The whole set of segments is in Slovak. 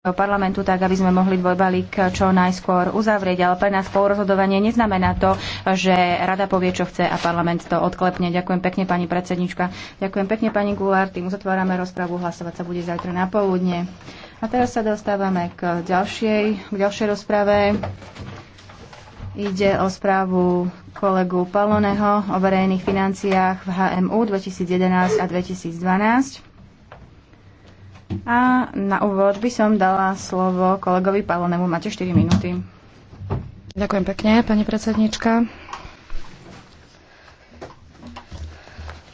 parlamentu, tak aby sme mohli dvojbalík čo najskôr uzavrieť. Ale pre nás spolurozhodovanie neznamená to, že rada povie, čo chce a parlament to odklepne. Ďakujem pekne, pani predsednička. Ďakujem pekne, pani Gulár. Tým uzatvárame rozpravu. Hlasovať sa bude zajtra na poludne. A teraz sa dostávame k ďalšej, k ďalšej rozprave. Ide o správu kolegu Paloneho o verejných financiách v HMU 2011 a 2012. A na úvod by som dala slovo kolegovi Pavlonemu. Máte 4 minúty. Ďakujem pekne, pani predsednička.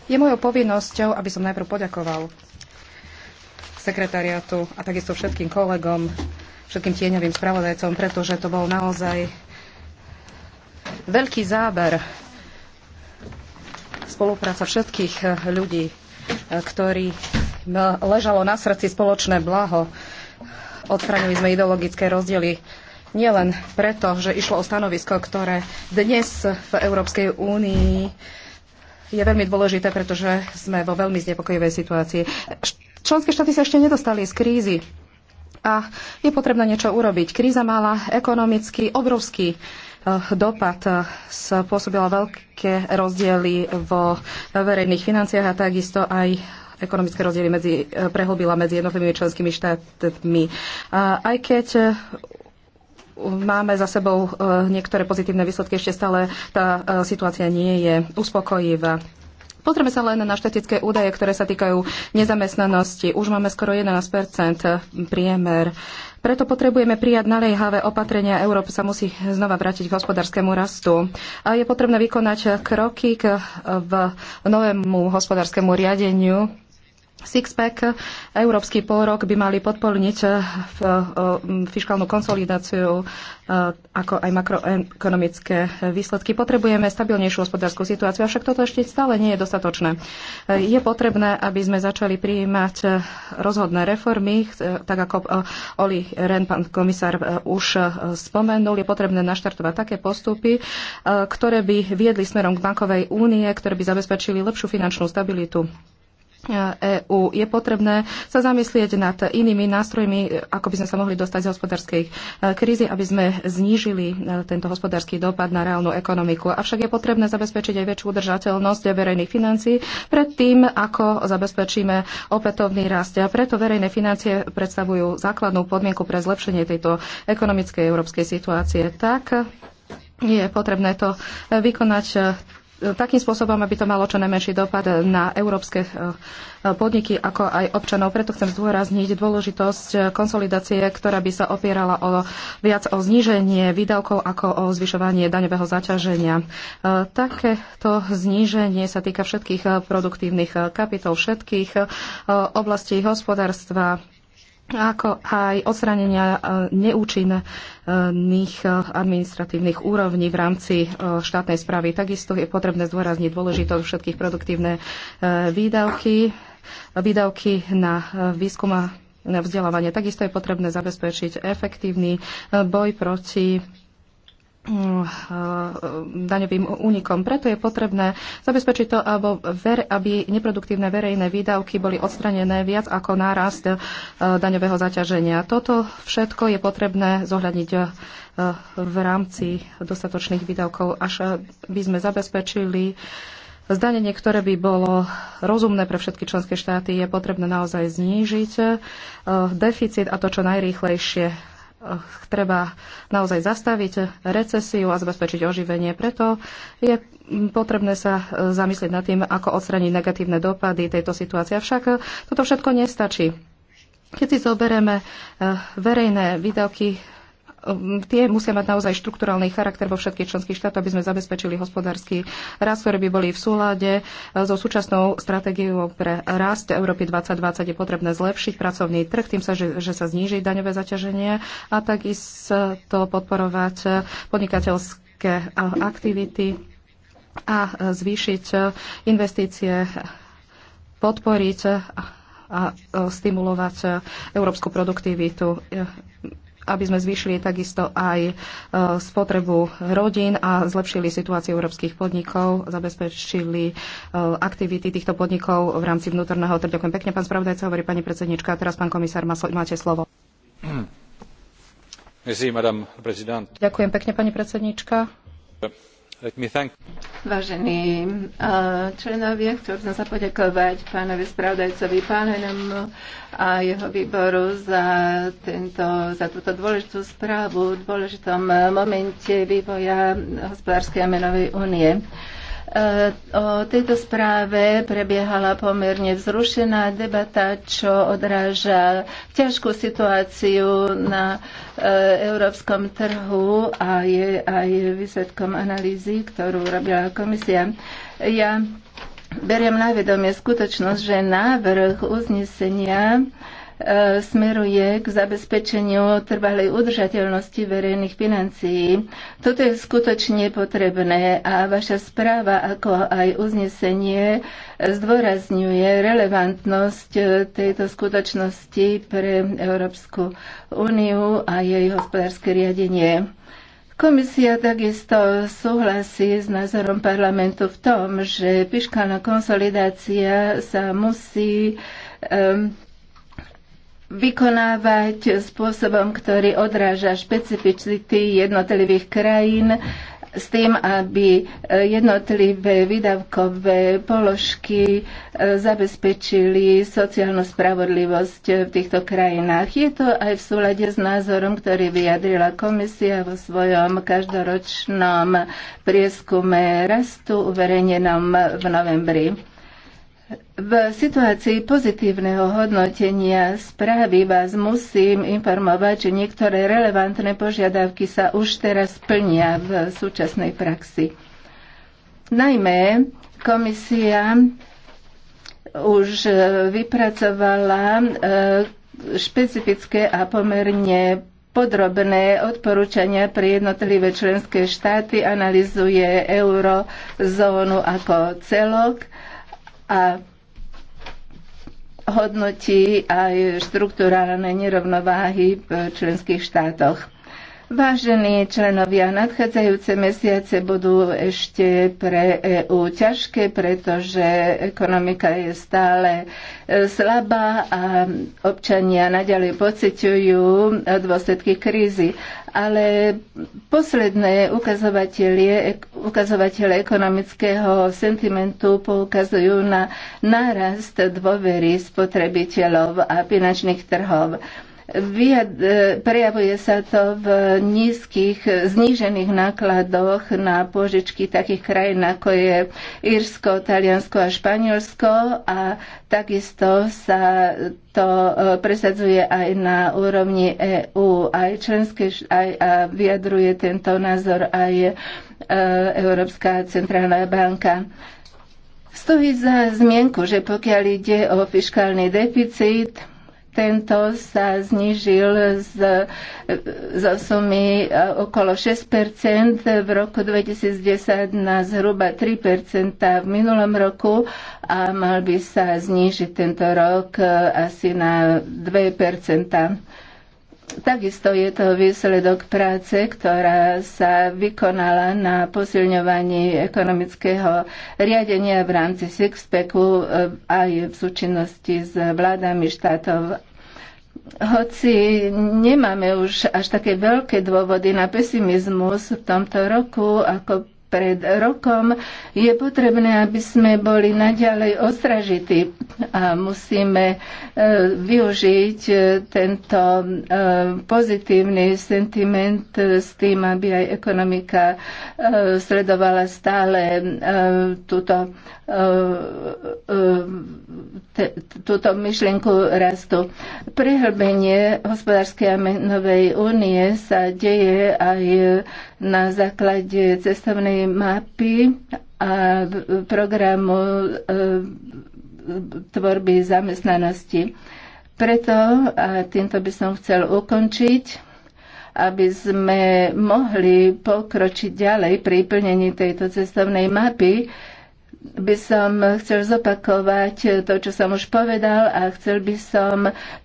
Je mojou povinnosťou, aby som najprv poďakoval sekretariatu a takisto všetkým kolegom, všetkým tieňovým spravodajcom, pretože to bol naozaj veľký záber spolupráca všetkých ľudí, ktorí ležalo na srdci spoločné blaho. Odstranili sme ideologické rozdiely nielen preto, že išlo o stanovisko, ktoré dnes v Európskej únii je veľmi dôležité, pretože sme vo veľmi znepokojivej situácii. Členské štáty sa ešte nedostali z krízy a je potrebné niečo urobiť. Kríza mala ekonomicky obrovský eh, dopad spôsobila veľké rozdiely vo verejných financiách a takisto aj ekonomické rozdiely medzi, eh, prehlbila medzi jednotlivými členskými štátmi. Aj keď eh, máme za sebou eh, niektoré pozitívne výsledky, ešte stále tá situácia nie je uspokojivá. Pozrieme sa len na štatické údaje, ktoré sa týkajú nezamestnanosti. Už máme skoro 11 priemer. Preto potrebujeme prijať naliehavé opatrenia. Európa sa musí znova vrátiť k hospodárskému rastu. A je potrebné vykonať kroky k, v novému hospodárskému riadeniu Sixpack, Európsky pôrok by mali podporniť eh, eh, fiskálnu konsolidáciu eh, ako aj makroekonomické výsledky. Potrebujeme stabilnejšiu hospodárskú situáciu, avšak toto ešte stále nie je dostatočné. Je potrebné, aby sme začali prijímať rozhodné reformy, tak ako Oli Ren, pán komisár, už spomenul. Je potrebné naštartovať také postupy, ktoré by viedli smerom k bankovej únie, ktoré by zabezpečili lepšiu finančnú stabilitu EÚ. Je potrebné sa zamyslieť nad inými nástrojmi, ako by sme sa mohli dostať z hospodárskej krízy, aby sme znížili tento hospodársky dopad na reálnu ekonomiku. Avšak je potrebné zabezpečiť aj väčšiu udržateľnosť verejných financií pred tým, ako zabezpečíme opätovný rast. A preto verejné financie predstavujú základnú podmienku pre zlepšenie tejto ekonomickej európskej situácie. Tak je potrebné to vykonať takým spôsobom, aby to malo čo najmenší dopad na európske eh, podniky, ako aj občanov. Preto chcem zdôrazniť dôležitosť eh, konsolidácie, ktorá by sa opierala o viac o zníženie výdavkov ako o zvyšovanie daňového zaťaženia. Eh, takéto zníženie sa týka všetkých produktívnych kapitol, všetkých oblastí hospodárstva, ako aj odstránenia e, neúčinných e, administratívnych úrovní v rámci e, štátnej správy. Takisto je potrebné zdôrazniť dôležitosť všetkých produktívne výdavky, výdavky na výskum a vzdelávanie. Takisto je potrebné zabezpečiť efektívny boj proti Eh, daňovým únikom. Preto je potrebné zabezpečiť to, aby neproduktívne verejné výdavky boli odstranené viac ako nárast eh, daňového zaťaženia. Toto všetko je potrebné zohľadniť eh, v rámci dostatočných výdavkov, až by sme zabezpečili Zdanenie, ktoré by bolo rozumné pre všetky členské štáty, je potrebné naozaj znížiť deficit a to čo najrýchlejšie treba naozaj zastaviť recesiu a zabezpečiť oživenie. Preto je potrebné sa e, zamyslieť nad tým, ako odstraniť negatívne dopady tejto situácie. Avšak e, toto všetko nestačí. Keď si zoberieme e, verejné výdavky tie musia mať naozaj štrukturálny charakter vo všetkých členských štátoch, aby sme zabezpečili hospodársky rast, ktoré by boli v súlade e, so súčasnou stratégiou pre rast Európy 2020 je potrebné zlepšiť pracovný trh tým, sa, že, že sa zníži daňové zaťaženie a takisto podporovať e, podnikateľské e, aktivity a zvýšiť investície, podporiť a stimulovať európsku produktivitu aby sme zvýšili takisto aj e, spotrebu rodín a zlepšili situáciu európskych podnikov, zabezpečili e, aktivity týchto podnikov v rámci vnútorného trhu. Ďakujem pekne, pán spravodajca, hovorí pani predsednička. A teraz, pán komisár, máte slovo. Merci, Ďakujem pekne, pani predsednička. Vážení eh, členovia, chcel som sa poďakovať pánovi spravodajcovi Pálenom a jeho výboru za, tento, za túto dôležitú správu v dôležitom momente vývoja hospodárskej a menovej únie. E, o tejto správe prebiehala pomerne vzrušená debata, čo odráža ťažkú situáciu na e, európskom trhu a je aj výsledkom analýzy, ktorú robila komisia. Ja beriem na vedomie skutočnosť, že návrh uznesenia E, smeruje k zabezpečeniu trvalej udržateľnosti verejných financií. Toto je skutočne potrebné a vaša správa, ako aj uznesenie, zdôrazňuje relevantnosť e, tejto skutočnosti pre Európsku úniu a jej hospodárske riadenie. Komisia takisto súhlasí s názorom parlamentu v tom, že fiskálna konsolidácia sa musí um, vykonávať spôsobom, ktorý odráža špecificity jednotlivých krajín s tým, aby jednotlivé výdavkové položky e, zabezpečili sociálnu spravodlivosť v týchto krajinách. Je to aj v súlade s názorom, ktorý vyjadrila komisia vo svojom každoročnom prieskume rastu uverejnenom v novembri. V situácii pozitívneho hodnotenia správy vás musím informovať, že niektoré relevantné požiadavky sa už teraz plnia v súčasnej praxi. Najmä komisia už vypracovala e, špecifické a pomerne podrobné odporúčania pre jednotlivé členské štáty, analizuje eurozónu ako celok a hodnotí aj štruktúrálne nerovnováhy v členských štátoch. Vážení členovia, nadchádzajúce mesiace budú ešte pre EU ťažké, pretože ekonomika je stále e, slabá a občania naďalej pociťujú e, dôsledky krízy. Ale posledné ukazovatele ekonomického sentimentu poukazujú na nárast dôvery spotrebiteľov a finančných trhov. E, prejavuje sa to v nízkych, znížených nákladoch na požičky takých krajín, ako je Írsko, Taliansko a Španielsko a takisto sa to e, presadzuje aj na úrovni EÚ, aj členské, aj, a vyjadruje tento názor aj e, Európska centrálna banka. Stojí za zmienku, že pokiaľ ide o fiskálny deficit, tento sa znižil z, z sumy e, okolo 6 v roku 2010 na zhruba 3 v minulom roku a mal by sa znižiť tento rok e, asi na 2 Takisto je to výsledok práce, ktorá sa vykonala na posilňovaní ekonomického riadenia v rámci Sixpacku e, aj v súčinnosti s vládami štátov hoci nemáme už až také veľké dôvody na pesimizmus v tomto roku, ako pred rokom, je potrebné, aby sme boli naďalej ostražití a musíme e, využiť e, tento e, pozitívny sentiment s tým, aby aj ekonomika sledovala stále túto E, e, túto myšlienku rastu. Prehlbenie hospodárskej a menovej únie sa deje aj na základe cestovnej mapy a programu e, tvorby zamestnanosti. Preto, a týmto by som chcel ukončiť, aby sme mohli pokročiť ďalej pri plnení tejto cestovnej mapy, by som chcel zopakovať to, čo som už povedal a chcel by som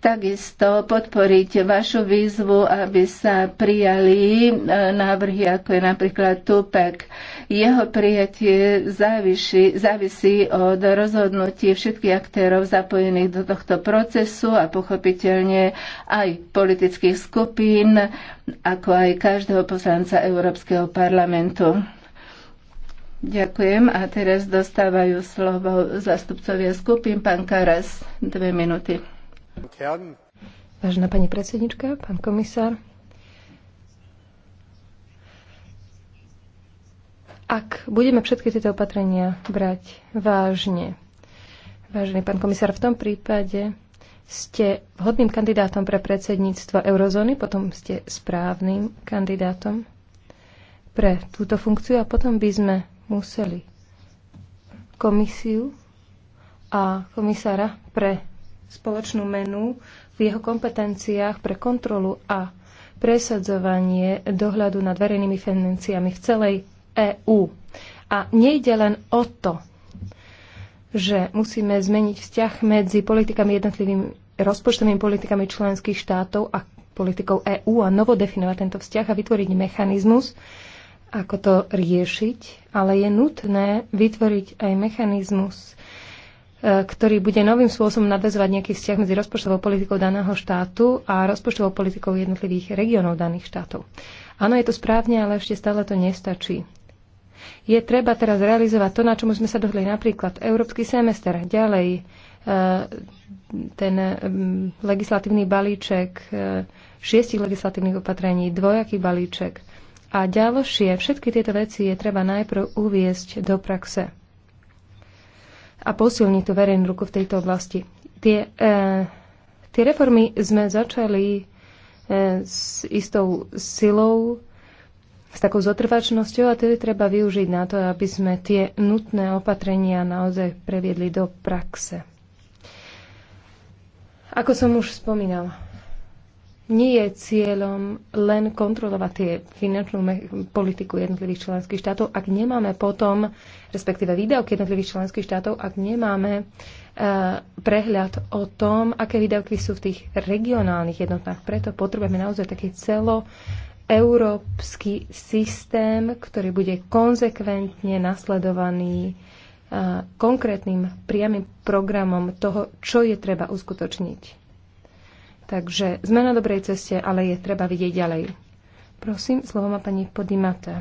takisto podporiť vašu výzvu, aby sa prijali e, návrhy, ako je napríklad TUPEK. Jeho prijatie závisí, závisí od rozhodnutí všetkých aktérov zapojených do tohto procesu a pochopiteľne aj politických skupín, ako aj každého poslanca Európskeho parlamentu. Ďakujem a teraz dostávajú slovo zastupcovia skupín. Pán Karas, dve minúty. Vážená pani predsednička, pán komisár. Ak budeme všetky tieto opatrenia brať vážne, vážený pán komisár, v tom prípade ste vhodným kandidátom pre predsedníctvo eurozóny, potom ste správnym kandidátom pre túto funkciu a potom by sme museli komisiu a komisára pre spoločnú menu v jeho kompetenciách pre kontrolu a presadzovanie dohľadu nad verejnými financiami v celej EÚ. A nejde len o to, že musíme zmeniť vzťah medzi politikami jednotlivými rozpočtovými politikami členských štátov a politikou EÚ a novodefinovať tento vzťah a vytvoriť mechanizmus, ako to riešiť, ale je nutné vytvoriť aj mechanizmus, e, ktorý bude novým spôsobom nadväzovať nejaký vzťah medzi rozpočtovou politikou daného štátu a rozpočtovou politikou jednotlivých regiónov daných štátov. Áno, je to správne, ale ešte stále to nestačí. Je treba teraz realizovať to, na čom sme sa dohodli napríklad Európsky semester, ďalej e, ten e, legislatívny balíček šiestich legislatívnych opatrení, dvojaký balíček, a ďalšie, všetky tieto veci je treba najprv uviesť do praxe a posilniť tú verejnú ruku v tejto oblasti. Tie, e, tie reformy sme začali e, s istou silou, s takou zotrvačnosťou a tedy treba využiť na to, aby sme tie nutné opatrenia naozaj previedli do praxe. Ako som už spomínala, nie je cieľom len kontrolovať tie finančnú politiku jednotlivých členských štátov, ak nemáme potom, respektíve výdavky jednotlivých členských štátov, ak nemáme e, prehľad o tom, aké výdavky sú v tých regionálnych jednotách. Preto potrebujeme naozaj taký celo európsky systém, ktorý bude konzekventne nasledovaný e, konkrétnym priamým programom toho, čo je treba uskutočniť. Takže sme na dobrej ceste, ale je treba vidieť ďalej. Prosím, slovo má pani Podimata.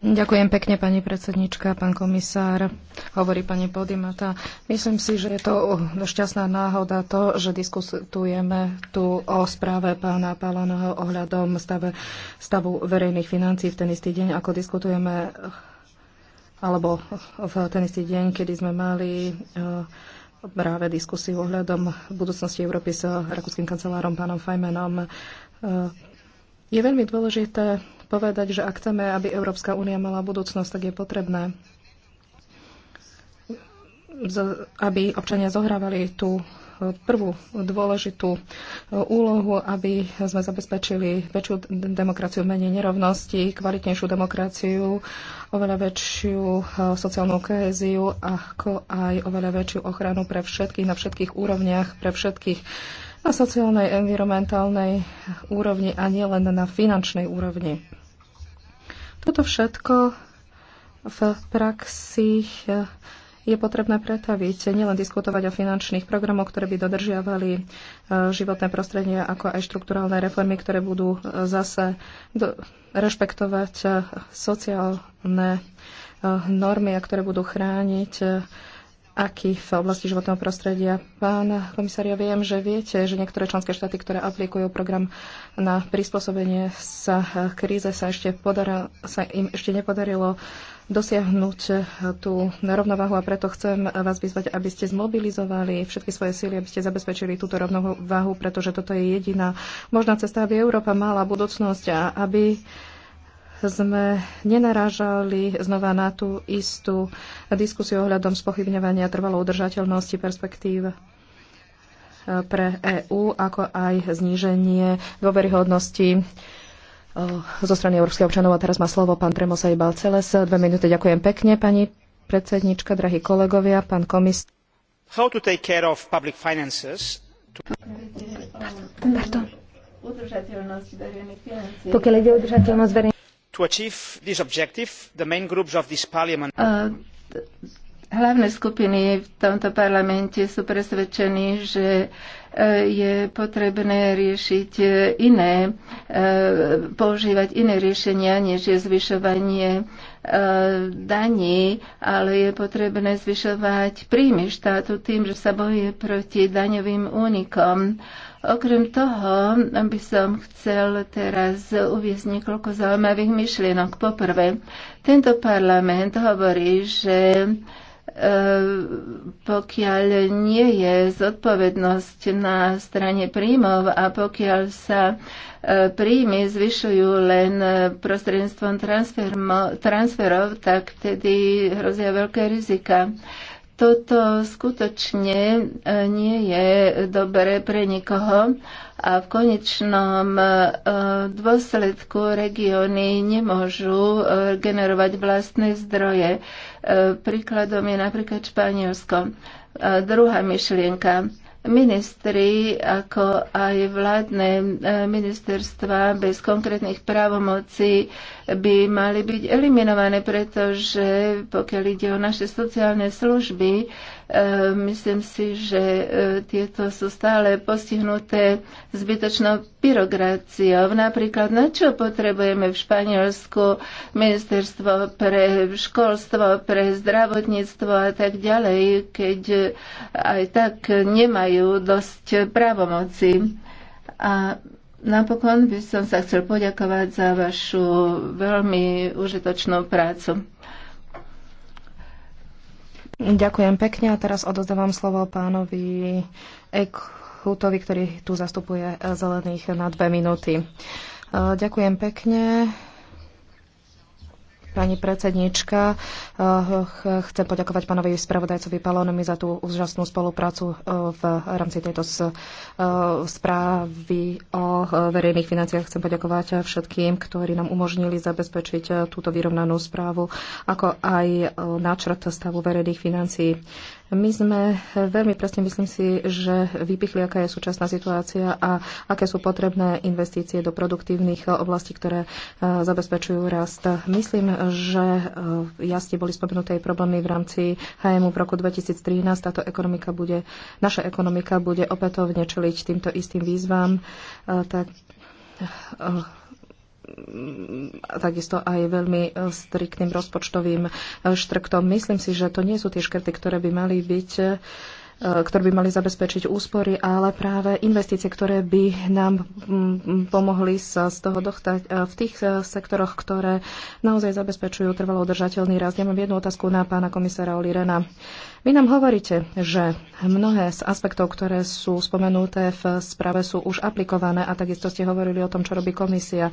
Ďakujem pekne, pani predsednička, pán komisár, hovorí pani Podimata. Myslím si, že je to šťastná náhoda to, že diskutujeme tu o správe pána Palaného ohľadom stave, stavu verejných financí v ten istý deň, ako diskutujeme alebo v ten istý deň, kedy sme mali uh, práve diskusiu ohľadom budúcnosti Európy s rakúskym kancelárom pánom Fajmenom. E, je veľmi dôležité povedať, že ak chceme, aby Európska únia mala budúcnosť, tak je potrebné, aby občania zohrávali tú prvú dôležitú e, úlohu, aby sme zabezpečili väčšiu demokraciu, menej nerovnosti, kvalitnejšiu demokraciu, oveľa väčšiu e, sociálnu kohéziu, ako aj oveľa väčšiu ochranu pre všetkých na všetkých úrovniach, pre všetkých na sociálnej, environmentálnej úrovni a nielen na finančnej úrovni. Toto všetko v praxi e, je potrebné pretaviť, nielen diskutovať o finančných programoch, ktoré by dodržiavali e, životné prostredie, ako aj štrukturálne reformy, ktoré budú e, zase rešpektovať e, sociálne normy a ktoré budú chrániť aký v oblasti životného prostredia. Pán komisár, ja viem, že viete, že niektoré členské štáty, ktoré aplikujú program na prispôsobenie sa kríze, sa, ešte podaril, sa im ešte nepodarilo dosiahnuť tú rovnováhu a preto chcem vás vyzvať, aby ste zmobilizovali všetky svoje síly, aby ste zabezpečili túto rovnováhu, pretože toto je jediná možná cesta, aby Európa mala budúcnosť a aby sme nenarážali znova na tú istú diskusiu ohľadom spochybňovania trvalo udržateľnosti perspektív eh, pre EÚ, ako aj zníženie dôveryhodnosti eh, zo strany európskych občanov. A teraz má slovo pán Premosaj Balceles. Dve minúty. Ďakujem pekne, pani predsednička, drahí kolegovia, pán komis. How to take care of public finances? To... Pardon. Pardon. Pokiaľ ide o udržateľnosť verejných to achieve this objective the main groups of this parliament uh, hlavné skupiny v tomto parlamente sú presvedčení, že e, je potrebné riešiť e, iné, e, používať iné riešenia, než je zvyšovanie daní, ale je potrebné zvyšovať príjmy štátu tým, že sa bojuje proti daňovým únikom. Okrem toho by som chcel teraz uviezť niekoľko zaujímavých myšlienok. Poprvé, tento parlament hovorí, že E, pokiaľ nie je zodpovednosť na strane príjmov a pokiaľ sa e, príjmy zvyšujú len e, prostredníctvom transferov, tak tedy hrozia veľké rizika. Toto skutočne e, nie je dobré pre nikoho a v konečnom e, dôsledku regióny nemôžu e, generovať vlastné zdroje. Príkladom je napríklad Španielsko. druhá myšlienka ministri, ako aj vládne eh, ministerstva bez konkrétnych právomocí by mali byť eliminované, pretože pokiaľ ide o naše sociálne služby, E, myslím si, že e, tieto sú stále postihnuté zbytočnou byrokraciou. Napríklad na čo potrebujeme v Španielsku ministerstvo pre školstvo, pre zdravotníctvo a tak ďalej, keď aj tak nemajú dosť právomoci. A napokon by som sa chcel poďakovať za vašu veľmi užitočnú prácu. Ďakujem pekne a teraz odozdávam slovo pánovi Ekhutovi, ktorý tu zastupuje eh, zelených na dve minúty. Eh, ďakujem pekne. Pani predsednička, eh, chcem poďakovať pánovi spravodajcovi Palónovi za tú úžasnú spoluprácu eh, v rámci tejto eh, správy o verejných financiách. Chcem poďakovať všetkým, ktorí nám umožnili zabezpečiť túto vyrovnanú správu, ako aj náčrt stavu verejných financií. My sme veľmi presne, myslím si, že vypichli, aká je súčasná situácia a aké sú potrebné investície do produktívnych oblastí, ktoré e, zabezpečujú rast. Myslím, že e, jasne boli spomenuté aj problémy v rámci HMU v roku 2013. Táto ekonomika bude, naša ekonomika bude opätovne čeliť týmto istým výzvam. E, tak takisto aj veľmi striktným rozpočtovým štrktom. Myslím si, že to nie sú tie škrty, ktoré by mali byť ktoré by mali zabezpečiť úspory, ale práve investície, ktoré by nám mm, mm, pomohli sa z toho dochtať e, v tých e, sektoroch, ktoré naozaj zabezpečujú trvalo udržateľný rast. Ja mám jednu otázku na pána komisára Olirena. Vy nám hovoríte, že mnohé z aspektov, ktoré sú spomenuté v správe, sú už aplikované a takisto ste hovorili o tom, čo robí komisia e,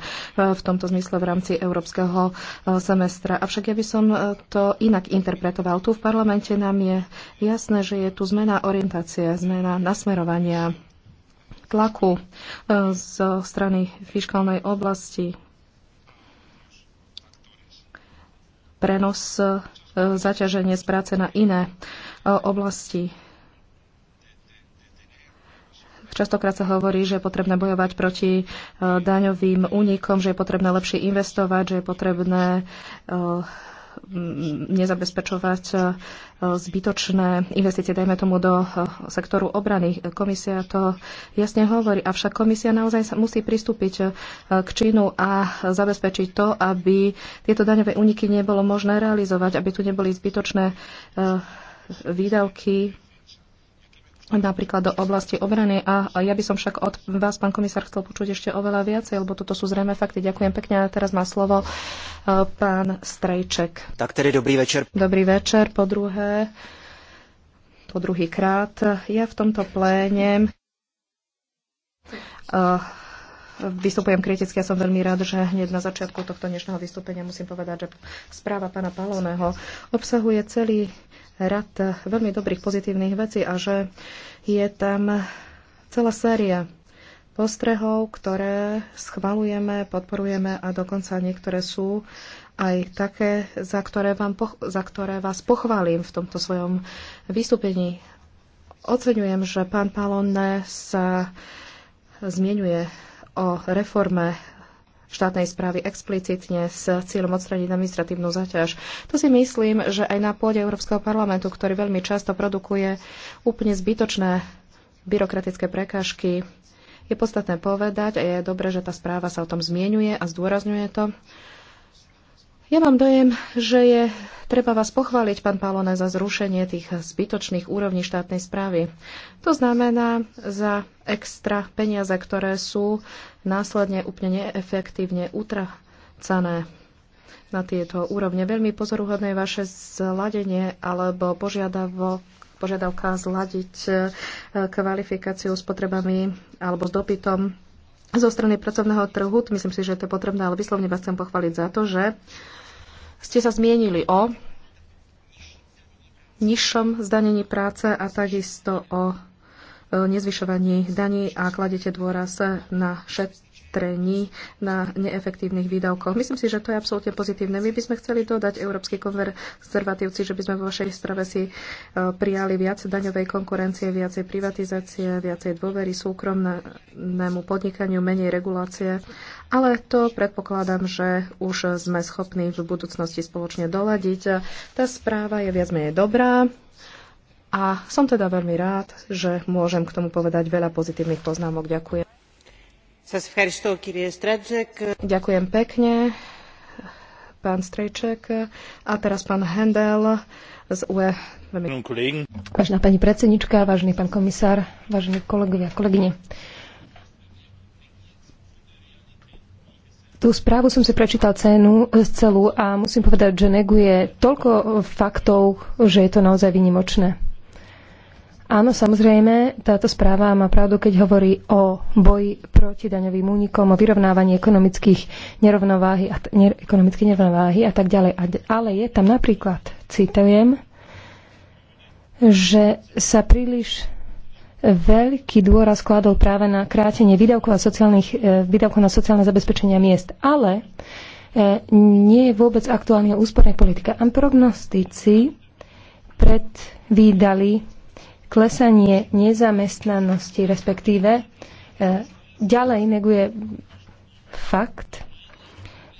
v tomto zmysle v rámci európskeho semestra. Avšak ja by som to inak interpretoval. Tu v parlamente nám je jasné, že je tu zmena zmena orientácie, zmena nasmerovania tlaku e, zo strany fiskálnej oblasti, prenos e, zaťaženie z práce na iné e, oblasti. Častokrát sa hovorí, že je potrebné bojovať proti daňovým únikom, že je potrebné lepšie investovať, že je potrebné nezabezpečovať e, zbytočné investície, dajme tomu, do e, sektoru obrany. Komisia to jasne hovorí, avšak komisia naozaj sa musí pristúpiť e, k činu a zabezpečiť to, aby tieto daňové úniky nebolo možné realizovať, aby tu neboli zbytočné výdavky napríklad do oblasti obrany. A ja by som však od vás, pán komisár, chcel počuť ešte oveľa viacej, lebo toto sú zrejme fakty. Ďakujem pekne. A teraz má slovo e, pán Strejček. Tak tedy dobrý večer. Dobrý večer. Po druhé, po druhý krát. Ja v tomto pléne uh, vystupujem kriticky. Ja som veľmi rád, že hneď na začiatku tohto dnešného vystúpenia musím povedať, že správa pána Palóneho obsahuje celý rad veľmi dobrých pozitívnych vecí a že je tam celá séria postrehov, ktoré schvalujeme, podporujeme a dokonca niektoré sú aj také, za ktoré, vám za ktoré vás pochválim v tomto svojom vystúpení. Oceňujem, že pán Palonne sa zmienuje o reforme štátnej správy explicitne s cieľom odstraniť administratívnu zaťaž. To si myslím, že aj na pôde Európskeho parlamentu, ktorý veľmi často produkuje úplne zbytočné byrokratické prekážky, je podstatné povedať a je dobré, že tá správa sa o tom zmienuje a zdôrazňuje to, ja mám dojem, že je treba vás pochváliť, pán Palone, za zrušenie tých zbytočných úrovní štátnej správy. To znamená za extra peniaze, ktoré sú následne úplne neefektívne utracané na tieto úrovne. Veľmi pozoruhodné je vaše zladenie alebo požiadavo, požiadavka zladiť e, kvalifikáciu s potrebami alebo s dopytom zo strany pracovného trhu. Myslím si, že to je potrebné, ale vyslovne vás chcem pochváliť za to, že ste sa zmienili o nižšom zdanení práce a takisto o e, nezvyšovaní daní a kladete dôraz na opatrení na neefektívnych výdavkoch. Myslím si, že to je absolútne pozitívne. My by sme chceli dodať európsky konzervatívci, že by sme vo vašej strave si e, prijali viac daňovej konkurencie, viacej privatizácie, viacej dôvery súkromnému podnikaniu, menej regulácie. Ale to predpokladám, že už sme schopní v budúcnosti spoločne doladiť. Tá správa je viac menej dobrá. A som teda veľmi rád, že môžem k tomu povedať veľa pozitívnych poznámok. Ďakujem. Ďakujem pekne, pán Strejček. A teraz pán Hendel z UE. Vážená pani predsednička, vážený pán komisár, vážení kolegovia, kolegyne. Tú správu som si prečítal cenu, celú a musím povedať, že neguje toľko faktov, že je to naozaj vynimočné. Áno, samozrejme, táto správa má pravdu, keď hovorí o boji proti daňovým únikom, o vyrovnávaní ekonomických nerovnováhy a, ne, ekonomické nerovnováhy a tak ďalej. A, ale je tam napríklad, citujem, že sa príliš veľký dôraz kladol práve na krátenie výdavkov, a sociálnych, e, výdavkov na sociálne zabezpečenia miest. Ale e, nie je vôbec aktuálna úsporná politika. A prognostici predvídali klesanie nezamestnanosti, respektíve e, ďalej neguje fakt,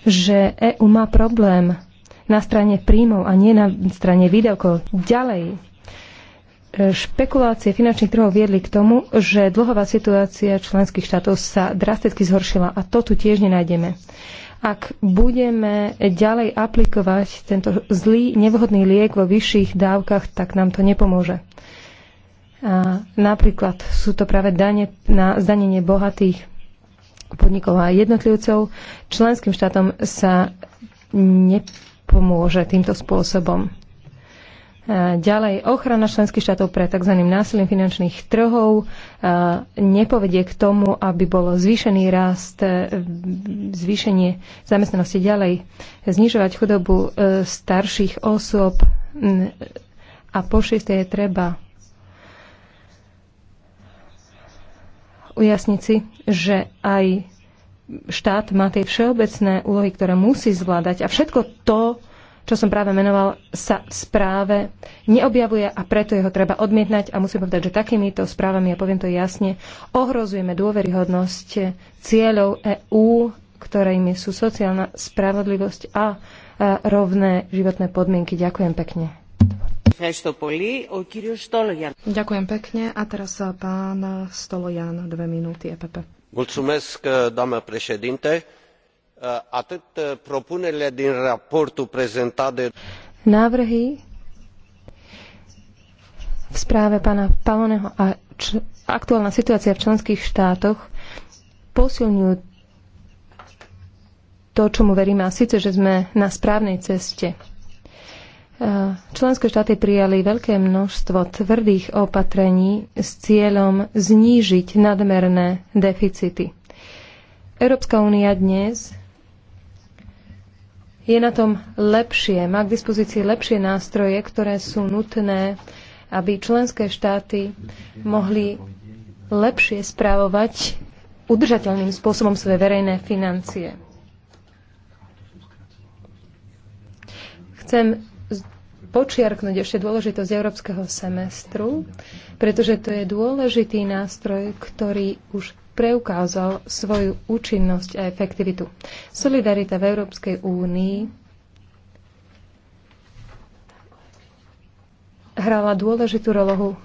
že EU má problém na strane príjmov a nie na strane výdavkov. Ďalej, e, špekulácie finančných trhov viedli k tomu, že dlhová situácia členských štátov sa drasticky zhoršila a to tu tiež nenájdeme. Ak budeme ďalej aplikovať tento zlý, nevhodný liek vo vyšších dávkach, tak nám to nepomôže. Napríklad sú to práve dane na zdanenie bohatých podnikov a jednotlivcov. Členským štátom sa nepomôže týmto spôsobom. Ďalej, ochrana členských štátov pre tzv. násilím finančných trhov nepovedie k tomu, aby bol zvýšený rast, e, zvýšenie zamestnanosti ďalej, znižovať chudobu e, starších osôb a po šiesté je treba ujasniť si, že aj štát má tie všeobecné úlohy, ktoré musí zvládať a všetko to, čo som práve menoval, sa v správe neobjavuje a preto jeho treba odmietnať a musím povedať, že takýmito správami, ja poviem to jasne, ohrozujeme dôveryhodnosť cieľov EÚ, ktorými sú sociálna spravodlivosť a rovné životné podmienky. Ďakujem pekne. Ďakujem pekne. A teraz pán Stolojan, dve minúty EPP. Mulțumesc, doamnă președinte. E, atât e, propunerile din raportul prezentat de... Návrhy v správe pána Paloneho a aktuálna situácia v členských štátoch posilňujú to, čomu veríme, a síce, že sme na správnej ceste. Eh, členské štáty prijali veľké množstvo tvrdých opatrení s cieľom znížiť nadmerné deficity. Európska únia dnes je na tom lepšie, má k dispozícii lepšie nástroje, ktoré sú nutné, aby členské štáty mohli lepšie správovať udržateľným spôsobom svoje verejné financie. Chcem počiarknúť ešte dôležitosť európskeho semestru, pretože to je dôležitý nástroj, ktorý už preukázal svoju účinnosť a efektivitu. Solidarita v Európskej únii hrala dôležitú rolohu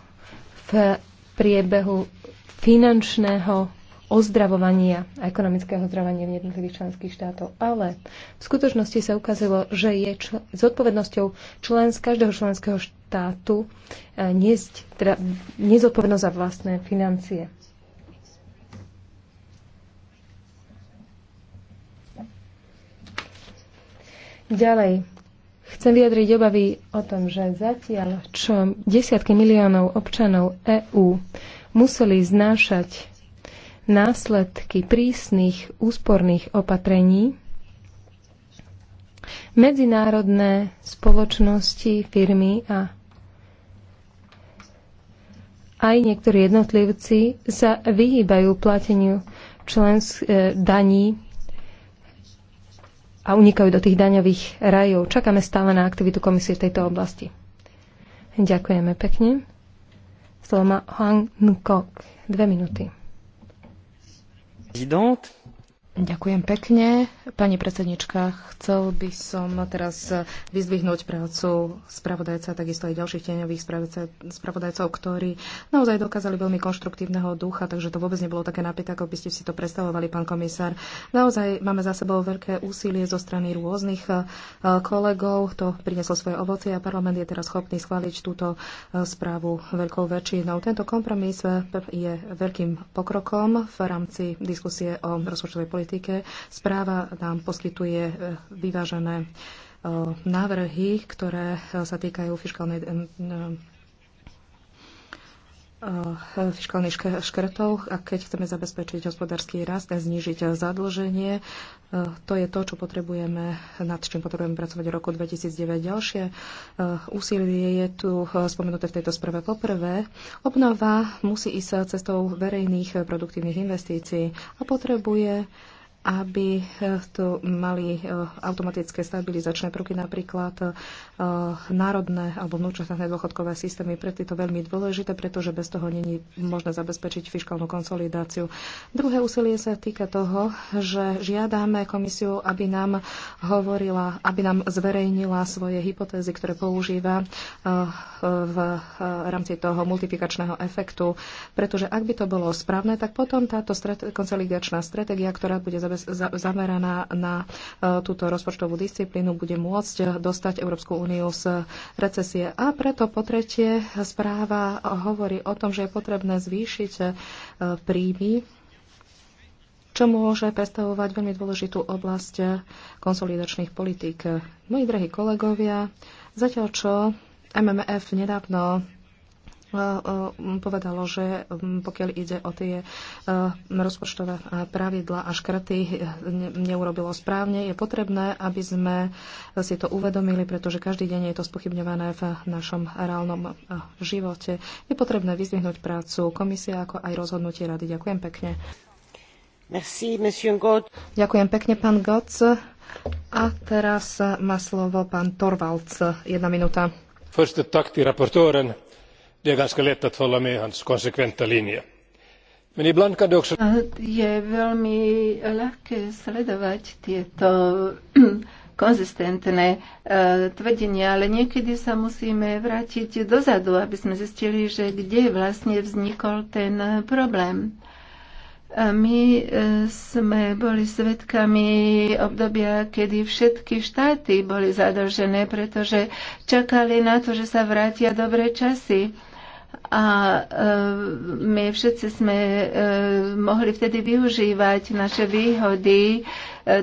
v priebehu finančného ozdravovania, a ekonomického ozdravania v jednotlivých členských štátov. Ale v skutočnosti sa ukázalo, že je čl- zodpovednosťou člen z každého členského štátu e, niesť, teda nezodpovednosť za vlastné financie. Ďalej, chcem vyjadriť obavy o tom, že zatiaľ, čo desiatky miliónov občanov EÚ museli znášať následky prísnych úsporných opatrení medzinárodné spoločnosti, firmy a aj niektorí jednotlivci sa vyhýbajú plateniu člensk- e, daní a unikajú do tých daňových rajov. Čakáme stále na aktivitu komisie v tejto oblasti. Ďakujeme pekne. Slovo má Hong Kok. Dve minúty présidente Ďakujem pekne. Pani predsednička, chcel by som teraz vyzdvihnúť prácu spravodajca, takisto aj ďalších tieňových spravodajcov, ktorí naozaj dokázali veľmi konštruktívneho ducha, takže to vôbec nebolo také napäté, ako by ste si to predstavovali, pán komisár. Naozaj máme za sebou veľké úsilie zo strany rôznych eh, kolegov, to prinieslo svoje ovocie a parlament je teraz schopný schváliť túto eh, správu veľkou väčšinou. Tento kompromis eh, je veľkým pokrokom v rámci diskusie o rozpočtovej politike politike. Správa nám poskytuje eh, vyvážené eh, návrhy, ktoré eh, sa týkajú fiskálnej fiskálnych škrtov a keď chceme zabezpečiť hospodársky rast a znižiť zadlženie, to je to, čo potrebujeme, nad čím potrebujeme pracovať v roku 2009. Ďalšie úsilie je tu spomenuté v tejto sprave. Poprvé, obnova musí ísť cestou verejných produktívnych investícií a potrebuje aby eh, to mali eh, automatické stabilizačné prvky, napríklad eh, národné alebo vnúčasné dôchodkové systémy. Pre je to veľmi dôležité, pretože bez toho není možné zabezpečiť fiskálnu konsolidáciu. Druhé úsilie sa týka toho, že žiadame komisiu, aby nám hovorila, aby nám zverejnila svoje hypotézy, ktoré používa v rámci toho multiplikačného efektu. Pretože ak by to bolo správne, tak potom táto konsolidačná stratégia, ktorá bude zameraná na e, túto rozpočtovú disciplínu bude môcť e, dostať Európsku úniu z recesie. A preto po tretie správa hovorí o tom, že je potrebné zvýšiť e, príjmy čo môže predstavovať veľmi dôležitú oblasť konsolidačných politík. Moji drahí kolegovia, zatiaľ čo MMF nedávno E, e, povedalo, že pokiaľ ide o tie e, rozpočtové pravidla a škrty, neurobilo správne. Je potrebné, aby sme si to uvedomili, pretože každý deň je to spochybňované v našom reálnom živote. Je potrebné vyzvihnúť prácu komisie, ako aj rozhodnutie rady. Ďakujem pekne. Merci, Ďakujem pekne, pán Goc. A teraz má slovo pán Torvalds. Jedna minúta det är ganska lätt att hålla med hans konsekventa linje. Men ibland kan det också... Je veľmi ľahké sledovať tieto konzistentné e, tvrdenia, ale niekedy sa musíme vrátiť dozadu, aby sme zistili, že kde vlastne vznikol ten problém. My e, sme boli svedkami obdobia, kedy všetky štáty boli zadlžené, pretože čakali na to, že sa vrátia dobré časy a e, my všetci sme e, mohli vtedy využívať naše výhody e,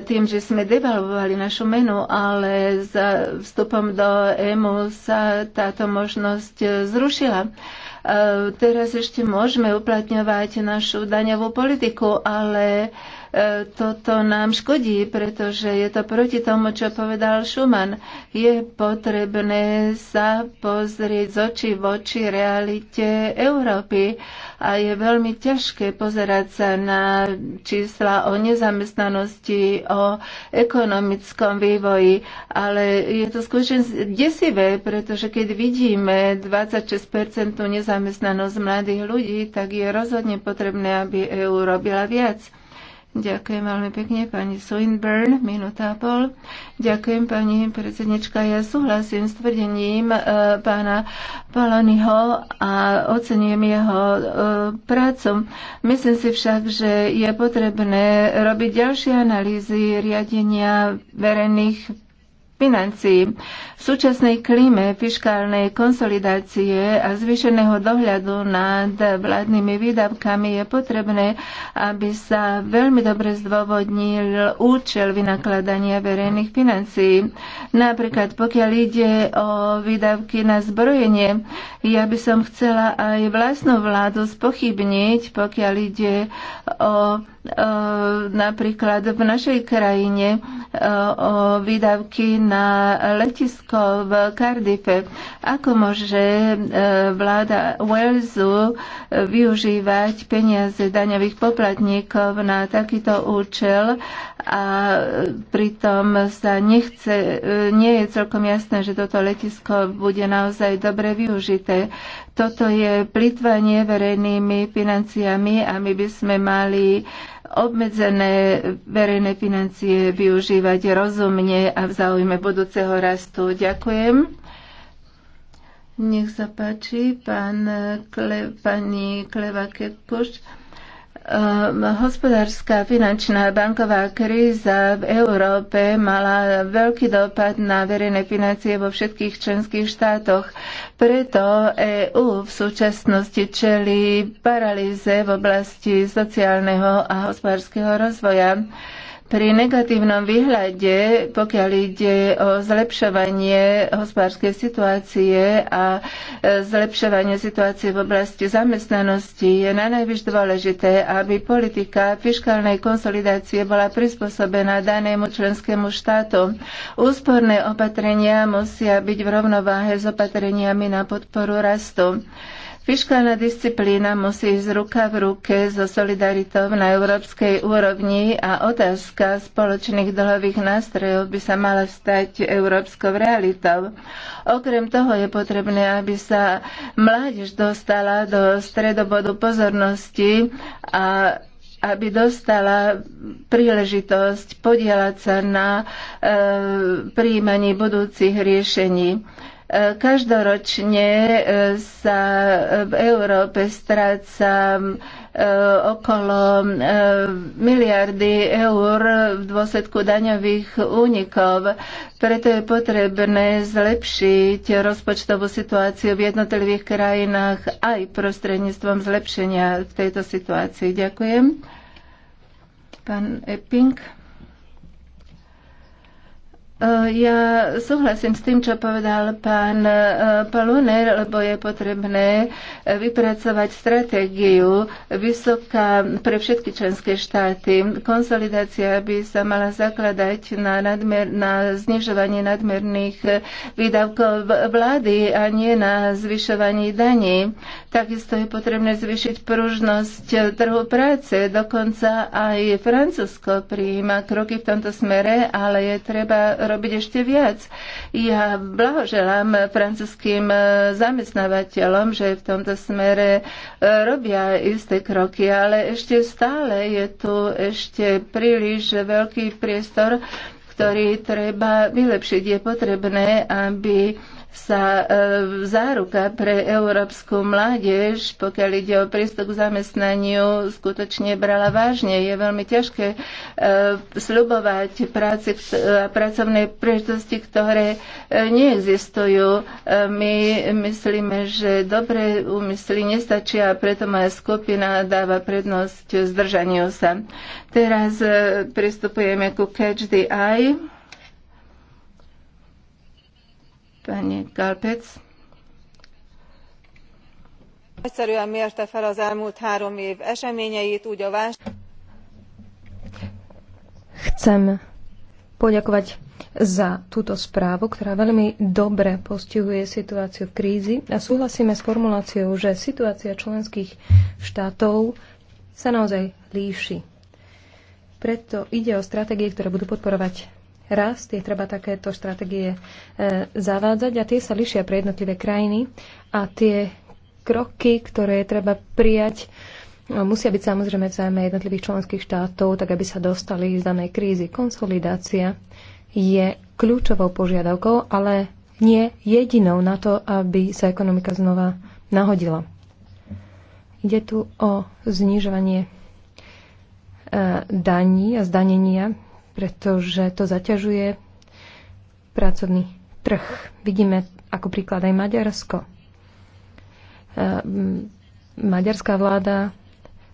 tým, že sme devalvovali našu menu, ale za vstupom do EMU sa táto možnosť zrušila teraz ešte môžeme uplatňovať našu daňovú politiku, ale E, toto nám škodí, pretože je to proti tomu, čo povedal Schumann. Je potrebné sa pozrieť z očí v oči realite Európy a je veľmi ťažké pozerať sa na čísla o nezamestnanosti, o ekonomickom vývoji, ale je to skutočne desivé, pretože keď vidíme 26% nezamestnanosť mladých ľudí, tak je rozhodne potrebné, aby EU robila viac. Ďakujem veľmi pekne, pani Swinburne, minúta a pol. Ďakujem, pani predsednička. Ja súhlasím s tvrdením e, pána Palonyho a ocením jeho e, prácu. Myslím si však, že je potrebné robiť ďalšie analýzy riadenia verejných financií. V súčasnej klíme fiskálnej konsolidácie a zvýšeného dohľadu nad vládnymi výdavkami je potrebné, aby sa veľmi dobre zdôvodnil účel vynakladania verejných financií. Napríklad pokiaľ ide o výdavky na zbrojenie, ja by som chcela aj vlastnú vládu spochybniť, pokiaľ ide o Eh, napríklad v našej krajine eh, o výdavky na letisko v Cardiffe. Ako môže eh, vláda Walesu využívať peniaze daňových poplatníkov na takýto účel a pritom sa nechce, nie je celkom jasné, že toto letisko bude naozaj dobre využité. Toto je plitvanie verejnými financiami a my by sme mali uh, obmedzené verejné financie využívať rozumne a v záujme budúceho rastu. Ďakujem. Nech sa páči, pán Kle, pani Kleva Kekuš. Ehm, hospodárska, finančná, banková kríza v Európe mala veľký dopad na verejné financie vo všetkých členských štátoch. Preto EÚ v súčasnosti čeli paralýze v oblasti sociálneho a hospodárskeho rozvoja. Pri negatívnom výhľade, pokiaľ ide o zlepšovanie hospodárskej situácie a e, zlepšovanie situácie v oblasti zamestnanosti, je na najvyš dôležité, aby politika fiskálnej konsolidácie bola prispôsobená danému členskému štátu. Úsporné opatrenia musia byť v rovnováhe s opatreniami na podporu rastu. Fiskálna disciplína musí ísť ruka v ruke so solidaritou na európskej úrovni a otázka spoločných dlhových nástrojov by sa mala stať európskou realitou. Okrem toho je potrebné, aby sa mládež dostala do stredobodu pozornosti a aby dostala príležitosť podielať sa na e, príjmaní budúcich riešení. Každoročne e, sa v Európe stráca e, okolo e, miliardy eur v dôsledku daňových únikov. Preto je potrebné zlepšiť rozpočtovú situáciu v jednotlivých krajinách aj prostredníctvom zlepšenia v tejto situácii. Ďakujem. Pán Epping. Eh, ja súhlasím s tým, čo povedal pán eh, Paluner, lebo je potrebné eh, vypracovať stratégiu vysoká pre všetky členské štáty. Konsolidácia by sa mala zakladať na, nadmer, na znižovanie nadmerných výdavkov vlády a nie na zvyšovaní daní. Takisto je potrebné zvyšiť pružnosť trhu práce. Dokonca aj Francúzsko prijíma kroky v tomto smere, ale je treba robiť ešte viac. Ja blahoželám francúzským e, zamestnávateľom, že v tomto smere e, robia isté kroky, ale ešte stále je tu ešte príliš veľký priestor, ktorý treba vylepšiť. Je potrebné, aby sa e, záruka pre európsku mládež, pokiaľ ide o prístup k zamestnaniu, skutočne brala vážne. Je veľmi ťažké e, slubovať práce a pracovné príležitosti, ktoré e, neexistujú. My myslíme, že dobré úmysly nestačia a preto moja skupina dáva prednosť zdržaniu sa. Teraz pristupujeme ku Catch the Eye. Pani Galpec. Egyszerűen mérte fel az elmúlt három év eseményeit, úgy a vás... Chcem poďakovať za túto správu, ktorá veľmi dobre postihuje situáciu v krízi a súhlasíme s formuláciou, že situácia členských štátov sa naozaj líši. Preto ide o stratégie, ktoré budú podporovať rast, je treba takéto stratégie e, zavádzať a tie sa lišia pre jednotlivé krajiny a tie kroky, ktoré treba prijať, e, musia byť samozrejme v zájme jednotlivých členských štátov, tak aby sa dostali z danej krízy. Konsolidácia je kľúčovou požiadavkou, ale nie jedinou na to, aby sa ekonomika znova nahodila. Ide tu o znižovanie e, daní a zdanenia pretože to zaťažuje pracovný trh. Vidíme ako príklad aj Maďarsko. E, maďarská vláda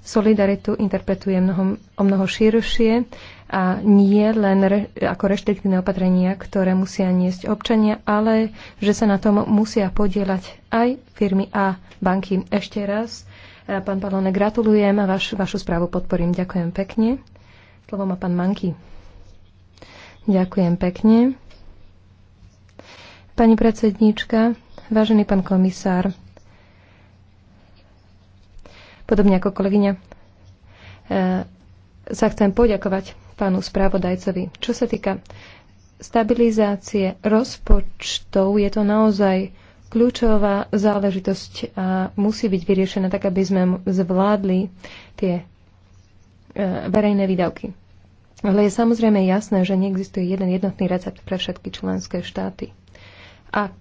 solidaritu interpretuje mnoho, o mnoho širšie a nie len re, ako reštriktívne opatrenia, ktoré musia niesť občania, ale že sa na tom musia podielať aj firmy a banky. Ešte raz, e, pán Palone, gratulujem a vaš, vašu správu podporím. Ďakujem pekne. Slovo má pán Manky. Ďakujem pekne. Pani predsedníčka, vážený pán komisár, podobne ako kolegyňa, e, sa chcem poďakovať pánu správodajcovi. Čo sa týka stabilizácie rozpočtov, je to naozaj kľúčová záležitosť a musí byť vyriešená tak, aby sme zvládli tie e, verejné výdavky. Ale je samozrejme jasné, že neexistuje jeden jednotný recept pre všetky členské štáty. Ak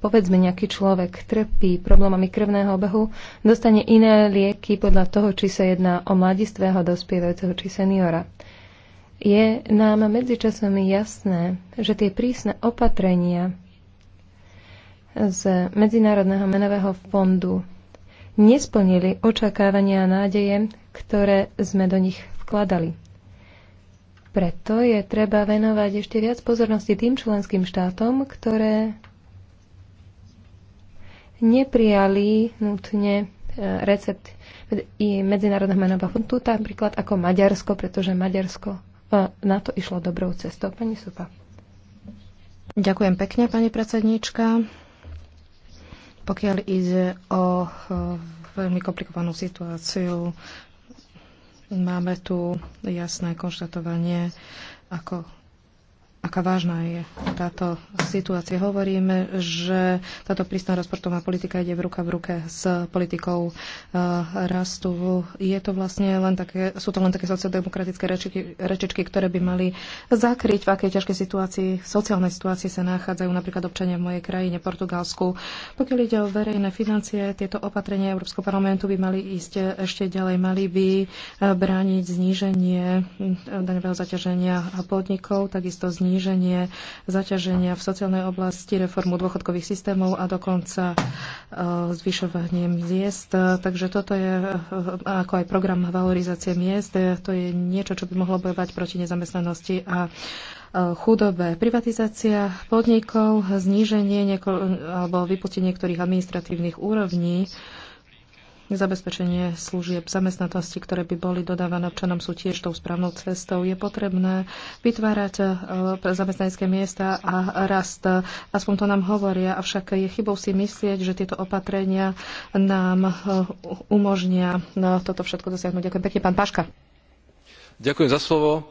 povedzme nejaký človek trpí problémami krvného obehu, dostane iné lieky podľa toho, či sa jedná o mladistvého, dospievajúceho či seniora. Je nám medzičasom jasné, že tie prísne opatrenia z Medzinárodného menového fondu nesplnili očakávania a nádeje, ktoré sme do nich vkladali. Preto je treba venovať ešte viac pozornosti tým členským štátom, ktoré neprijali nutne e, recept i Medzinárodného menového fondu, napríklad ako Maďarsko, pretože Maďarsko e, na to išlo dobrou cestou. Pani Supa. Ďakujem pekne, pani predsedníčka. Pokiaľ ide o e, veľmi komplikovanú situáciu Máme tu jasné konštatovanie, ako aká vážna je táto situácia. Hovoríme, že táto prísna rozpočtová politika ide v ruka v ruke s politikou eh, rastu. Je to vlastne len také, sú to len také sociodemokratické rečičky, rečičky, ktoré by mali zakryť, v akej ťažkej situácii, sociálnej situácii sa nachádzajú napríklad občania v mojej krajine, Portugalsku. Pokiaľ ide o verejné financie, tieto opatrenia Európskeho parlamentu by mali ísť ešte ďalej, mali by eh, brániť zníženie eh, daňového zaťaženia podnikov, takisto zníženie zníženie zaťaženia v sociálnej oblasti, reformu dôchodkových systémov a dokonca e, zvyšovanie miest. Takže toto je e, ako aj program valorizácie miest. E, to je niečo, čo by mohlo bojovať proti nezamestnanosti a chudobe. Privatizácia podnikov, zníženie alebo vypustenie niektorých administratívnych úrovní zabezpečenie služieb zamestnatosti, ktoré by boli dodávané občanom, sú tiež tou správnou cestou. Je potrebné vytvárať e, zamestnanecké miesta a rast. Aspoň to nám hovoria, avšak je chybou si myslieť, že tieto opatrenia nám e, umožnia e, toto všetko dosiahnuť. Ďakujem pekne, pán Paška. Ďakujem za slovo.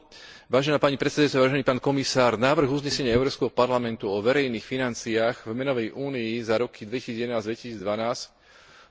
Vážená pani predsedajúca, vážený pán komisár, návrh uznesenia Európskeho parlamentu o verejných financiách v menovej únii za roky 2011-2012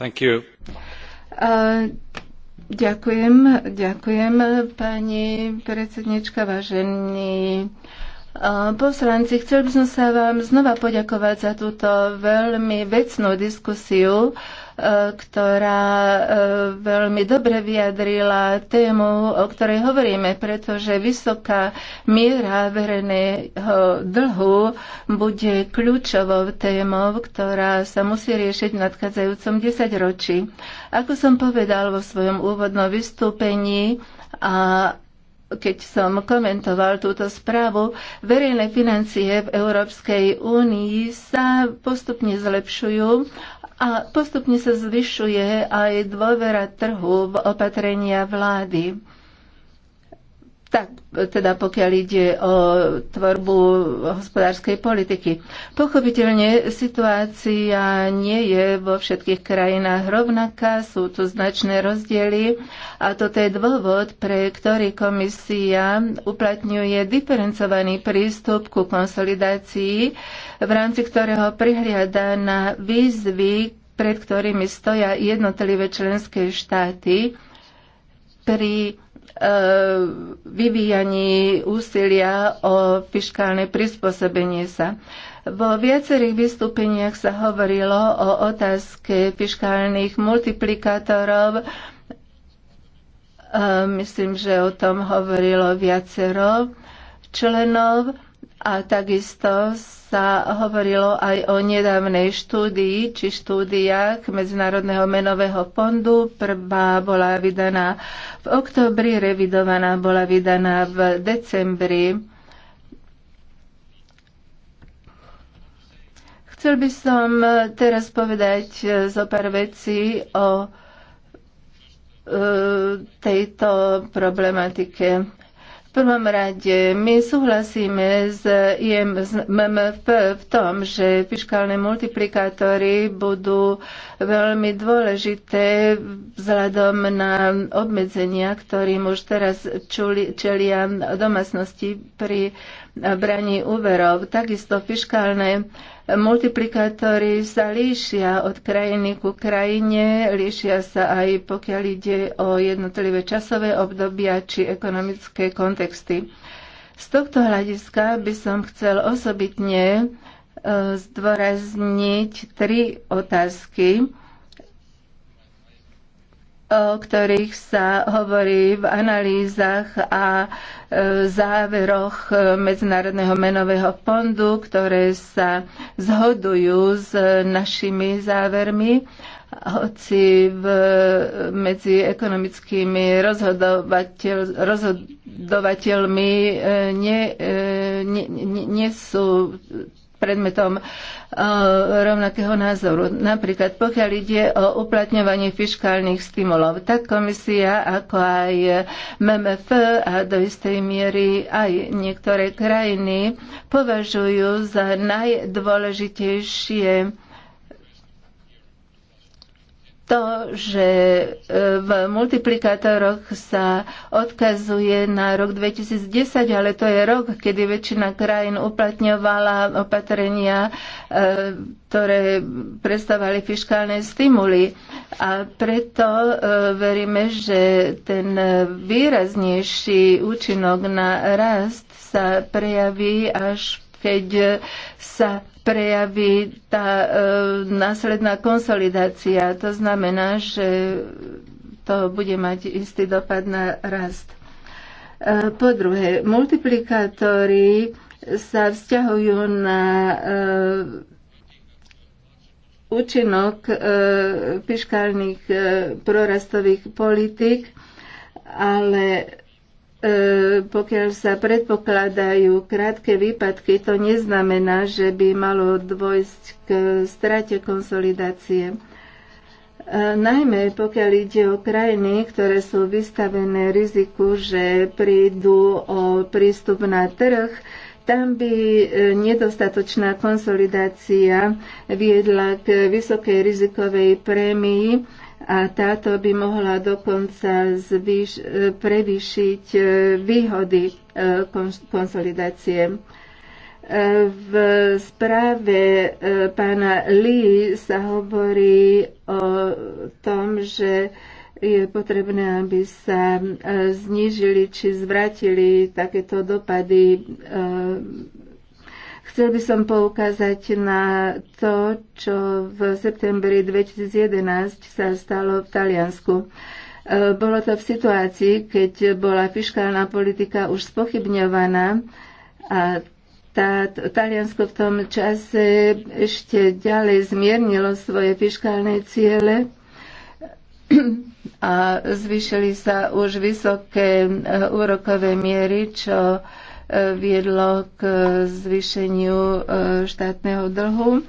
Thank you. Uh, ďakujem, ďakujem pani predsednička, vážení poslanci. Chcel by som sa vám znova poďakovať za túto veľmi vecnú diskusiu. Uh, ktorá e, veľmi dobre vyjadrila tému, o ktorej hovoríme, pretože vysoká miera verejného dlhu bude kľúčovou témou, ktorá sa musí riešiť v nadchádzajúcom desaťročí. Ako som povedal vo svojom úvodnom vystúpení a keď som komentoval túto správu, verejné financie v Európskej únii sa postupne zlepšujú a postupne sa zvyšuje aj dôvera trhu v opatrenia vlády tak teda pokiaľ ide o tvorbu hospodárskej politiky. Pochopiteľne situácia nie je vo všetkých krajinách rovnaká, sú tu značné rozdiely a toto je dôvod, pre ktorý komisia uplatňuje diferencovaný prístup ku konsolidácii, v rámci ktorého prihliada na výzvy, pred ktorými stoja jednotlivé členské štáty pri E, vyvíjaní úsilia o fiskálne prispôsobenie sa. Vo viacerých vystúpeniach sa hovorilo o otázke fiskálnych multiplikátorov. E, myslím, že o tom hovorilo viacero členov a takisto sa hovorilo aj o nedávnej štúdii či štúdiách Medzinárodného menového fondu. Prvá bola vydaná v oktobri, revidovaná bola vydaná v decembri. Chcel by som teraz povedať eh, zo pár vecí o eh, tejto problematike prvom rade my súhlasíme s IMMF v tom, že fiskálne multiplikátory budú veľmi dôležité vzhľadom na obmedzenia, ktorým už teraz čuli, čelia domácnosti pri braní úverov. Takisto fiskálne Multiplikátory sa líšia od krajiny ku krajine, líšia sa aj pokiaľ ide o jednotlivé časové obdobia či ekonomické kontexty. Z tohto hľadiska by som chcel osobitne eh, zdôrazniť tri otázky, o ktorých sa hovorí v analýzach a e, záveroch e, Medzinárodného menového fondu, ktoré sa zhodujú s našimi závermi hoci v, medzi ekonomickými rozhodovateľ, rozhodovateľmi e, nie, nie, nie sú predmetom e, rovnakého názoru. Napríklad pokiaľ ide o uplatňovanie fiskálnych stimulov, tak komisia ako aj MMF a do istej miery aj niektoré krajiny považujú za najdôležitejšie to, že e, v multiplikátoroch sa odkazuje na rok 2010, ale to je rok, kedy väčšina krajín uplatňovala opatrenia, e, ktoré predstavovali fiskálne stimuly. A preto e, veríme, že ten výraznejší účinok na rast sa prejaví až keď sa prejaví tá e, následná konsolidácia. To znamená, že to bude mať istý dopad na rast. E, po druhé, multiplikátory sa vzťahujú na e, účinok e, fiskálnych e, prorastových politik, ale E, pokiaľ sa predpokladajú krátke výpadky, to neznamená, že by malo dôjsť k strate konsolidácie. E, najmä pokiaľ ide o krajiny, ktoré sú vystavené riziku, že prídu o prístup na trh, tam by e, nedostatočná konsolidácia viedla k vysokej rizikovej prémii a táto by mohla dokonca zvýš, prevýšiť e, výhody e, konsolidácie. E, v správe pána Lee sa hovorí o tom, že je potrebné, aby sa znížili či zvratili takéto dopady Chcel by som poukázať na to, čo v septembri 2011 sa stalo v Taliansku. E, bolo to v situácii, keď bola fiskálna politika už spochybňovaná a tá, Taliansko v tom čase ešte ďalej zmiernilo svoje fiskálne ciele a zvýšili sa už vysoké e, úrokové miery, čo viedlo k zvýšeniu e, štátneho dlhu. E,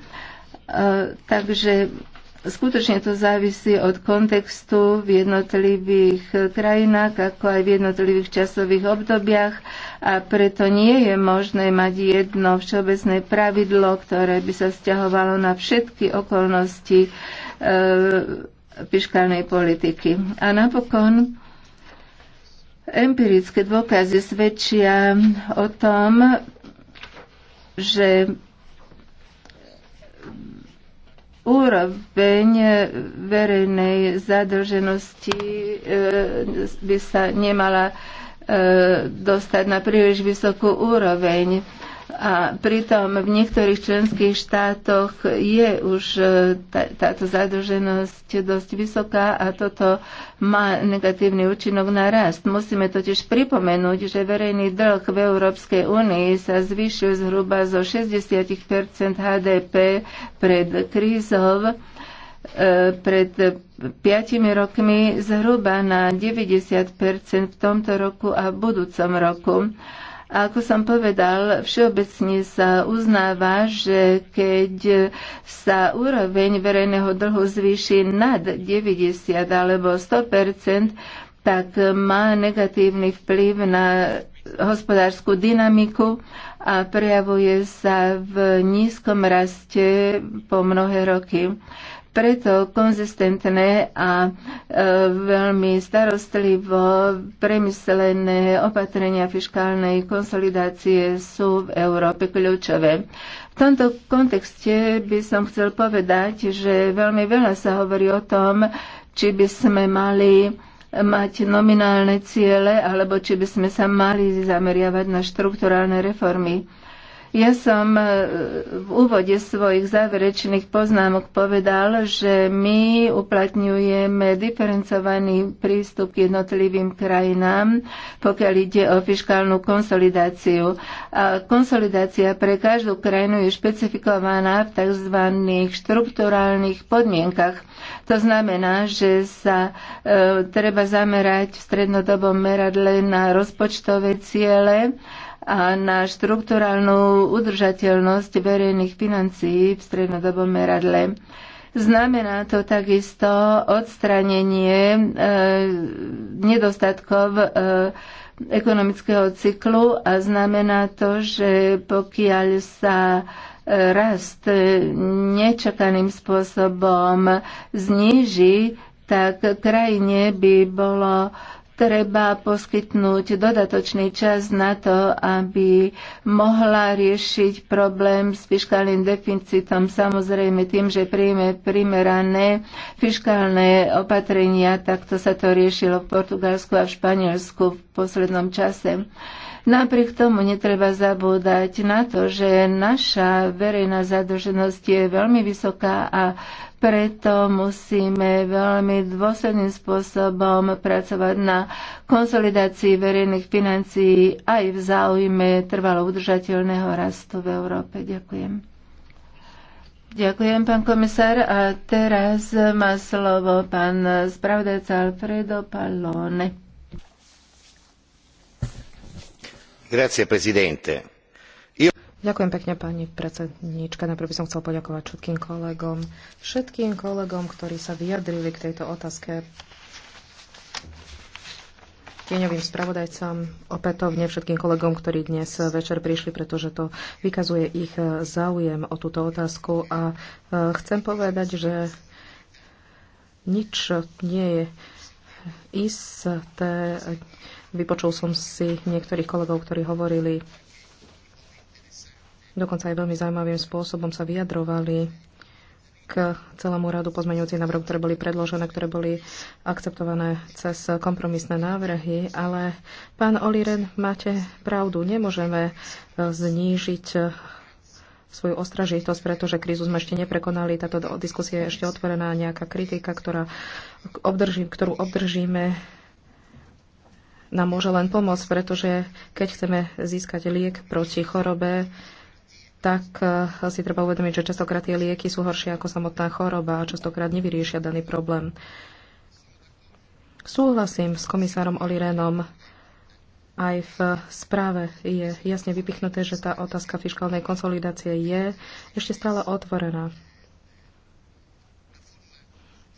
takže skutočne to závisí od kontextu v jednotlivých krajinách, ako aj v jednotlivých časových obdobiach a preto nie je možné mať jedno všeobecné pravidlo, ktoré by sa vzťahovalo na všetky okolnosti e, politiky. A napokon Empirické dôkazy svedčia o tom, že úroveň verejnej zadlženosti eh, by sa nemala eh, dostať na príliš vysokú úroveň a pritom v niektorých členských štátoch je už e, táto zadlženosť dosť vysoká a toto má negatívny účinok na rast. Musíme totiž pripomenúť, že verejný dlh v Európskej únii sa zvýšil zhruba zo 60 HDP pred krízov e, pred piatimi rokmi zhruba na 90 v tomto roku a v budúcom roku. A ako som povedal, všeobecne sa uznáva, že keď sa úroveň verejného dlhu zvýši nad 90 alebo 100 tak má negatívny vplyv na hospodárskú dynamiku a prejavuje sa v nízkom raste po mnohé roky. Preto konzistentné a e, veľmi starostlivo premyslené opatrenia fiskálnej konsolidácie sú v Európe kľúčové. V tomto kontexte by som chcel povedať, že veľmi veľa sa hovorí o tom, či by sme mali mať nominálne ciele, alebo či by sme sa mali zameriavať na štrukturálne reformy. Ja som e, v úvode svojich záverečných poznámok povedal, že my uplatňujeme diferencovaný prístup k jednotlivým krajinám, pokiaľ ide o fiskálnu konsolidáciu. A konsolidácia pre každú krajinu je špecifikovaná v tzv. štruktúrálnych podmienkach. To znamená, že sa e, treba zamerať v strednodobom meradle na rozpočtové ciele, a na štrukturálnu udržateľnosť verejných financií v strednodobom meradle. Znamená to takisto odstranenie e, nedostatkov e, ekonomického cyklu a znamená to, že pokiaľ sa e, rast nečakaným spôsobom zníži, tak krajine by bolo treba poskytnúť dodatočný čas na to, aby mohla riešiť problém s fiskálnym deficitom, samozrejme tým, že príjme primerané fiskálne opatrenia, takto sa to riešilo v Portugalsku a v Španielsku v poslednom čase. Napriek tomu netreba zabúdať na to, že naša verejná zadlženosť je veľmi vysoká a preto musíme veľmi dôsledným spôsobom pracovať na konsolidácii verejných financií aj v záujme trvalo udržateľného rastu v Európe. Ďakujem. Ďakujem, pán komisár. A teraz má slovo pán spravodajca Alfredo Pallone. Grazie, presidente. Ďakujem pekne, pani predsedníčka. Najprv by som chcel poďakovať všetkým kolegom, všetkým kolegom, ktorí sa vyjadrili k tejto otázke tieňovým spravodajcom, opätovne všetkým kolegom, ktorí dnes večer prišli, pretože to vykazuje ich záujem o túto otázku. A e, chcem povedať, že nič nie je isté. Vypočul som si niektorých kolegov, ktorí hovorili dokonca aj veľmi zaujímavým spôsobom sa vyjadrovali k celému radu pozmeňujúcich návrhov, ktoré boli predložené, ktoré boli akceptované cez kompromisné návrhy. Ale pán Oliren, máte pravdu, nemôžeme e, znížiť e, svoju ostražitosť, pretože krízu sme ešte neprekonali. Táto diskusia je ešte otvorená, nejaká kritika, ktorá obdrží, ktorú obdržíme, nám môže len pomôcť, pretože keď chceme získať liek proti chorobe, tak eh, si treba uvedomiť, že častokrát tie lieky sú horšie ako samotná choroba a častokrát nevyriešia daný problém. Súhlasím s komisárom Olirenom. Aj v správe je jasne vypichnuté, že tá otázka fiskálnej konsolidácie je ešte stále otvorená.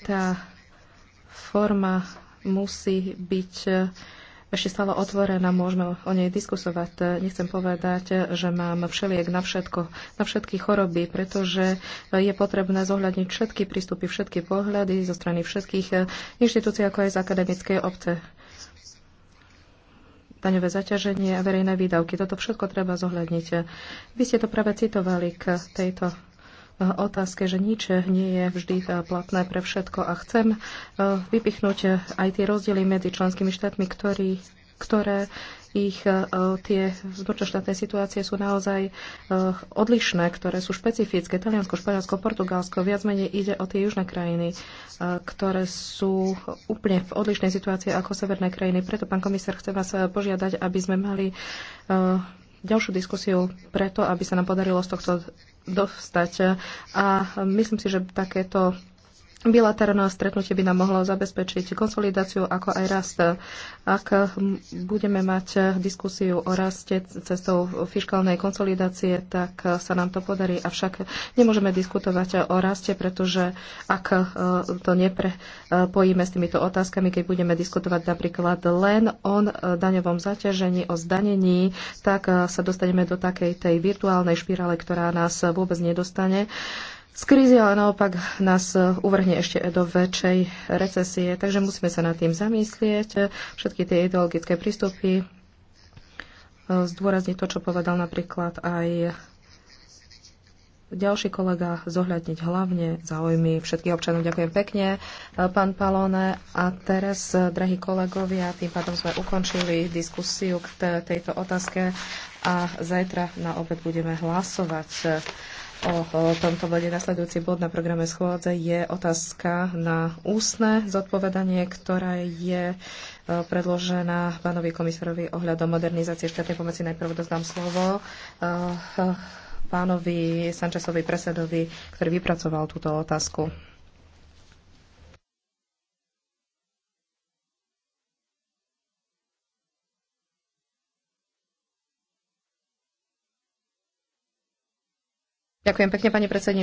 Tá forma musí byť uh, ešte stále otvorená, môžeme o nej diskusovať. Nechcem povedať, že mám všeliek na všetko, na všetky choroby, pretože je potrebné zohľadniť všetky prístupy, všetky pohľady zo strany všetkých inštitúcií, ako aj z akademickej obce daňové zaťaženie a verejné výdavky. Toto všetko treba zohľadniť. Vy ste to práve citovali k tejto otázke, že nič nie je vždy eh, platné pre všetko a chcem eh, vypichnúť eh, aj tie rozdiely medzi členskými štátmi, ktorý, ktoré ich tie vnútroštátne situácie sú naozaj odlišné, ktoré sú špecifické. Taliansko, Španielsko, Portugalsko, viac menej ide o tie južné krajiny, ktoré sú úplne v odlišnej situácii ako severné krajiny. Preto, pán komisár, chcem vás požiadať, aby sme mali ďalšiu diskusiu preto, aby sa nám podarilo z tohto dostať. A myslím si, že takéto Bilaterálne stretnutie by nám mohlo zabezpečiť konsolidáciu ako aj rast. Ak budeme mať diskusiu o raste cestou fiskálnej konsolidácie, tak sa nám to podarí. Avšak nemôžeme diskutovať o raste, pretože ak e, to neprepojíme s týmito otázkami, keď budeme diskutovať napríklad len o e, daňovom zaťažení, o zdanení, tak e, sa dostaneme do takej tej virtuálnej špirále, ktorá nás vôbec nedostane z krízy, ale naopak nás eh, uvrhne ešte do väčšej recesie. Takže musíme sa nad tým zamyslieť. Všetky tie ideologické prístupy, eh, zdôrazniť to, čo povedal napríklad aj ďalší kolega, zohľadniť hlavne záujmy všetkých občanov. Ďakujem pekne, eh, pán Palone. A teraz, drahí kolegovia, tým pádom sme ukončili diskusiu k tejto otázke a zajtra na obed budeme hlasovať o tomto bode. Nasledujúci bod na programe schôdze je otázka na ústne zodpovedanie, ktorá je e, predložená pánovi komisárovi ohľadom modernizácie štátnej pomoci. Najprv dostám slovo e, e, pánovi Sančasovi Presedovi, ktorý vypracoval túto otázku. Ďakujem pekne, pani predsednička.